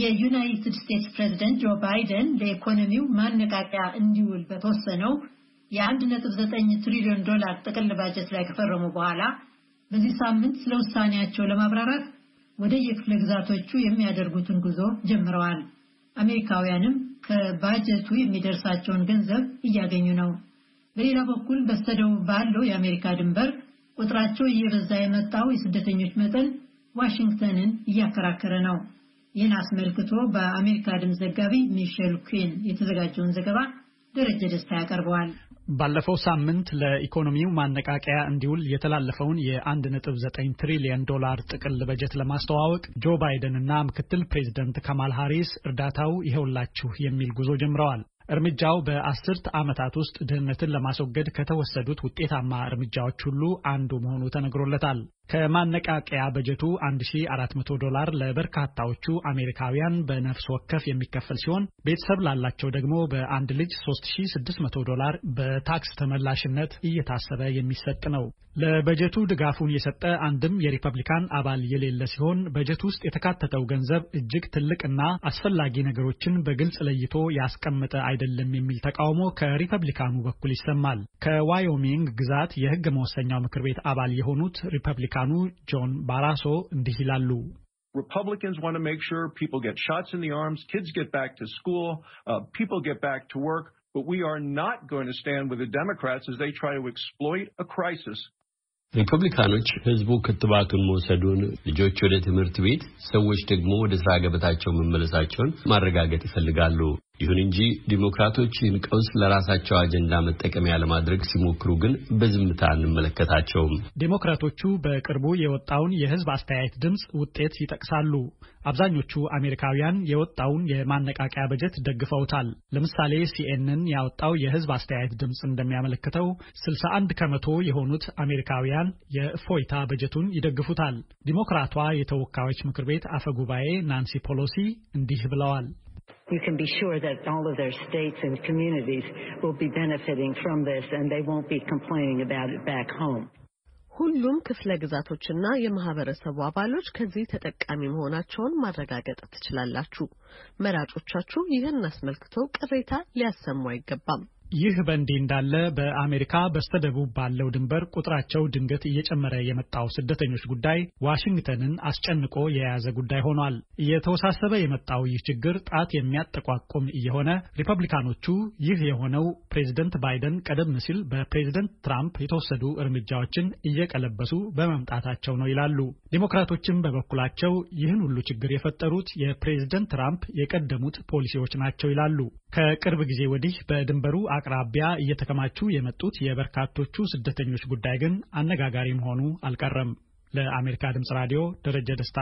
የዩናይትድ ስቴትስ ፕሬዝደንት ጆ ባይደን ለኢኮኖሚው ማነቃቂያ እንዲውል በተወሰነው የ1.9 ትሪሊዮን ዶላር ጥቅል ባጀት ላይ ከፈረሙ በኋላ በዚህ ሳምንት ስለ ውሳኔያቸው ለማብራራት ወደ የክፍለ ግዛቶቹ የሚያደርጉትን ጉዞ ጀምረዋል። አሜሪካውያንም ከባጀቱ የሚደርሳቸውን ገንዘብ እያገኙ ነው። በሌላ በኩል በስተደቡብ ባለው የአሜሪካ ድንበር ቁጥራቸው እየበዛ የመጣው የስደተኞች መጠን ዋሽንግተንን እያከራከረ ነው። ይህን አስመልክቶ በአሜሪካ ድምፅ ዘጋቢ ሚሼል ኩን የተዘጋጀውን ዘገባ ደረጀ ደስታ ያቀርበዋል። ባለፈው ሳምንት ለኢኮኖሚው ማነቃቂያ እንዲውል የተላለፈውን የ1.9 ትሪሊየን ዶላር ጥቅል በጀት ለማስተዋወቅ ጆ ባይደን እና ምክትል ፕሬዚደንት ካማል ሃሪስ እርዳታው ይኸውላችሁ የሚል ጉዞ ጀምረዋል። እርምጃው በአስርት ዓመታት ውስጥ ድህነትን ለማስወገድ ከተወሰዱት ውጤታማ እርምጃዎች ሁሉ አንዱ መሆኑ ተነግሮለታል። ከማነቃቂያ በጀቱ 1400 ዶላር ለበርካታዎቹ አሜሪካውያን በነፍስ ወከፍ የሚከፈል ሲሆን ቤተሰብ ላላቸው ደግሞ በአንድ ልጅ 3600 ዶላር በታክስ ተመላሽነት እየታሰበ የሚሰጥ ነው። ለበጀቱ ድጋፉን የሰጠ አንድም የሪፐብሊካን አባል የሌለ ሲሆን በጀት ውስጥ የተካተተው ገንዘብ እጅግ ትልቅና አስፈላጊ ነገሮችን በግልጽ ለይቶ ያስቀመጠ አይደለም የሚል ተቃውሞ ከሪፐብሊካኑ በኩል ይሰማል። ከዋዮሚንግ ግዛት የህግ መወሰኛው ምክር ቤት አባል የሆኑት ሪፐብሊካ ሪፐብሊካኑ ጆን ባራሶ እንዲህ ይላሉ። Republicans want to make sure people get shots in the arms, kids get back to school, uh, people get back to work, but we are not going to stand with the Democrats as they try to exploit a crisis. ሪፐብሊካኖች ህዝቡ ክትባቱን መውሰዱን፣ ልጆች ወደ ትምህርት ቤት፣ ሰዎች ደግሞ ወደ ስራ ገበታቸው መመለሳቸውን ማረጋገጥ ይፈልጋሉ። ይሁን እንጂ ዲሞክራቶች ይህን ቀውስ ለራሳቸው አጀንዳ መጠቀሚያ ለማድረግ ሲሞክሩ ግን በዝምታ አንመለከታቸውም። ዲሞክራቶቹ በቅርቡ የወጣውን የህዝብ አስተያየት ድምፅ ውጤት ይጠቅሳሉ። አብዛኞቹ አሜሪካውያን የወጣውን የማነቃቂያ በጀት ደግፈውታል። ለምሳሌ ሲኤንን ያወጣው የህዝብ አስተያየት ድምፅ እንደሚያመለክተው 61 ከመቶ የሆኑት አሜሪካውያን የእፎይታ በጀቱን ይደግፉታል። ዲሞክራቷ የተወካዮች ምክር ቤት አፈ ጉባኤ ናንሲ ፖሎሲ እንዲህ ብለዋል። you can be sure that all of their states and communities will be benefiting from this and they won't be complaining about it back home. ሁሉም ክፍለ ግዛቶችና የማህበረሰቡ አባሎች ከዚህ ተጠቃሚ መሆናቸውን ማረጋገጥ ትችላላችሁ። መራጮቻችሁ ይህን አስመልክቶ ቅሬታ ሊያሰሙ አይገባም። ይህ በእንዲህ እንዳለ በአሜሪካ በስተደቡብ ባለው ድንበር ቁጥራቸው ድንገት እየጨመረ የመጣው ስደተኞች ጉዳይ ዋሽንግተንን አስጨንቆ የያዘ ጉዳይ ሆኗል። እየተወሳሰበ የመጣው ይህ ችግር ጣት የሚያጠቋቁም እየሆነ ሪፐብሊካኖቹ ይህ የሆነው ፕሬዚደንት ባይደን ቀደም ሲል በፕሬዚደንት ትራምፕ የተወሰዱ እርምጃዎችን እየቀለበሱ በመምጣታቸው ነው ይላሉ። ዲሞክራቶችም በበኩላቸው ይህን ሁሉ ችግር የፈጠሩት የፕሬዚደንት ትራምፕ የቀደሙት ፖሊሲዎች ናቸው ይላሉ። ከቅርብ ጊዜ ወዲህ በድንበሩ አቅራቢያ እየተከማቹ የመጡት የበርካቶቹ ስደተኞች ጉዳይ ግን አነጋጋሪ መሆኑ አልቀረም። ለአሜሪካ ድምፅ ራዲዮ ደረጀ ደስታ